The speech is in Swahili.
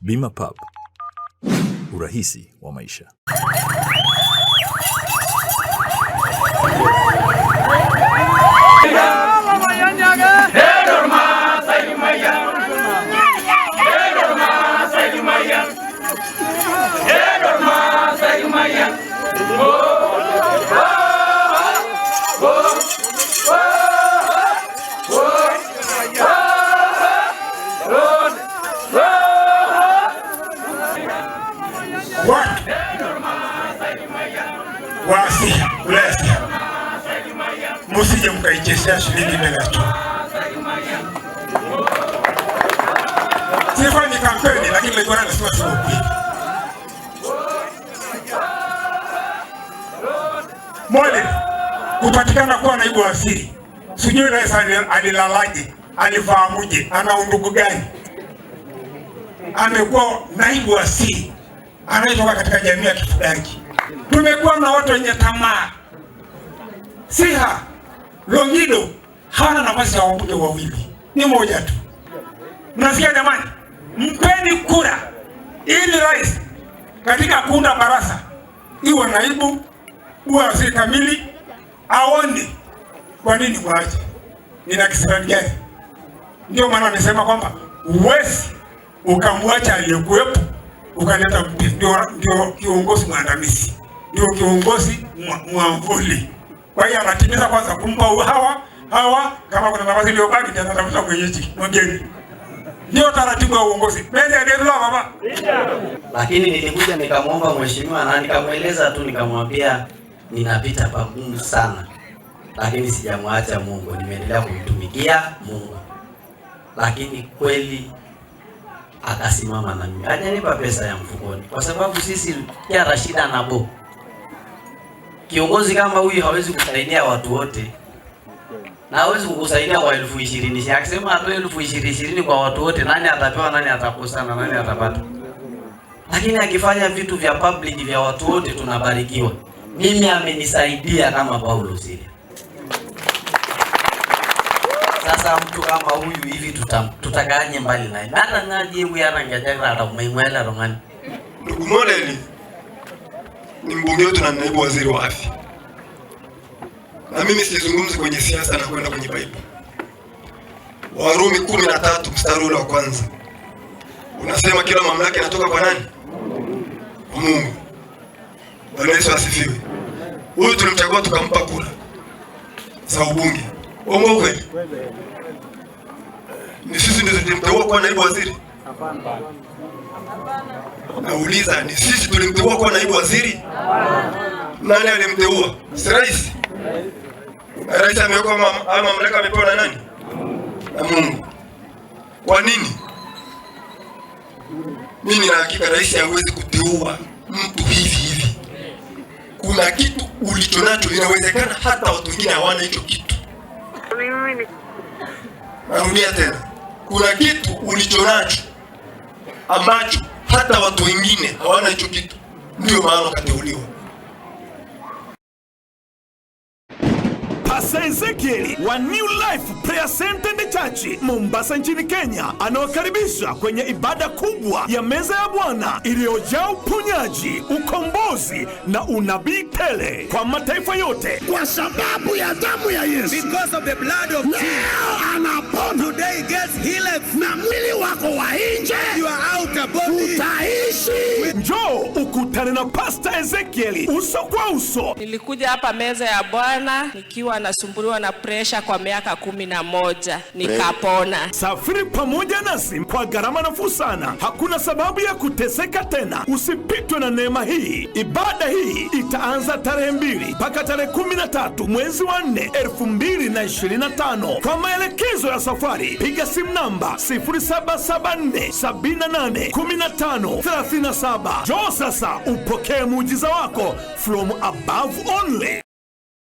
Bima Pub, urahisi wa maisha. waasia ulasia, musije mkaichezea shilingi Melato. ni kampeni, lakini lengo langu sio siupi. Mwalimu kupatikana kuwa naibu waziri, sijui rais alilalaje, alifahamuje, ana undugu gani? Amekuwa naibu waziri anayetoka katika jamii ya kifugaji Tumekuwa na watu wenye tamaa. Siha Longido hana nafasi ya wabunge wawili, ni moja tu. Mnasikia jamani? Mpeni kura ili rais katika kuunda baraza iwe naibu uwe waziri kamili aone kwa nini waache, nina kisirani gani? Ndio maana amesema kwamba uwezi ukamwacha aliyekuwepo ukaleta ndio kiongozi mwandamizi ndio kiongozi mwamvuli. Kwa hiyo anatimiza kwanza kumpa hawa hawa, kama kuna nafasi iliyobaki ndio atatafuta mwenyeji mgeni. Ndio taratibu ya uongozi mbele ya deni baba. Lakini nilikuja nikamwomba mheshimiwa na nikamweleza tu, nikamwambia ninapita pagumu sana, lakini sijamwacha Mungu, nimeendelea kumtumikia Mungu, lakini kweli akasimama na mimi, hajanipa pesa ya mfukoni, kwa sababu sisi jara shida nabo Kiongozi kama huyu hawezi kusaidia watu wote na hawezi kukusaidia kwa elfu ishirini. Akisema atoe elfu ishirini kwa watu wote, nani atapewa? Nani atakosa? Na nani atapata? Lakini akifanya vitu vya public vya watu wote tunabarikiwa. Mimi amenisaidia kama Paulo zile. Sasa mtu kama huyu hivi tutaganye mbali naye. Ndugu modeli ni mbunge wetu na naibu waziri wa afya, na mimi sizungumzi kwenye siasa na kwenda kwenye Biblia. Warumi kumi na tatu mstari ule wa kwanza unasema kila mamlaka inatoka kwa nani? Kwa Mungu. Bwana Yesu asifiwe. Huyu tulimchagua tukampa kura za ubunge, uongo kweli? Ni sisi ndio tulimteua kuwa naibu waziri? Hapana. Nauliza, ni sisi tulimteua kuwa naibu waziri? Nani alimteua? Si rais? Rais amewekwa ama mamlaka amepewa na nani? Na Mungu. Kwa nini? Mimi nina hakika rais hawezi kuteua mtu hivi hivi. Kuna kitu ulicho nacho, inawezekana hata watu wengine hawana hicho kitu. Narudia tena, kuna kitu ulicho nacho ambacho hata watu wengine hawana hicho kitu, ndio maana kateuliwa. Pastor Ezekiel wa New Life Prayer Center and Church Mombasa nchini Kenya anawakaribisha kwenye ibada kubwa ya meza ya Bwana iliyojaa uponyaji, ukombozi na unabii tele kwa mataifa yote, kwa sababu ya damu ya Yesu. Because of the blood of Jesus. Anapona. Today gets healed. Está ukutane na Pasta Ezekieli uso kwa uso. Nilikuja hapa meza ya Bwana nikiwa nasumbuliwa na presha kwa miaka kumi na moja nikapona. Safiri pamoja nasi kwa gharama nafuu sana, hakuna sababu ya kuteseka tena. Usipitwe na neema hii. Ibada hii itaanza tarehe mbili mpaka tarehe kumi na tatu mwezi wa nne elfu mbili na ishirini na tano. Kwa maelekezo ya safari piga simu namba 0774781537. Njoo sasa upokee muujiza wako from above only.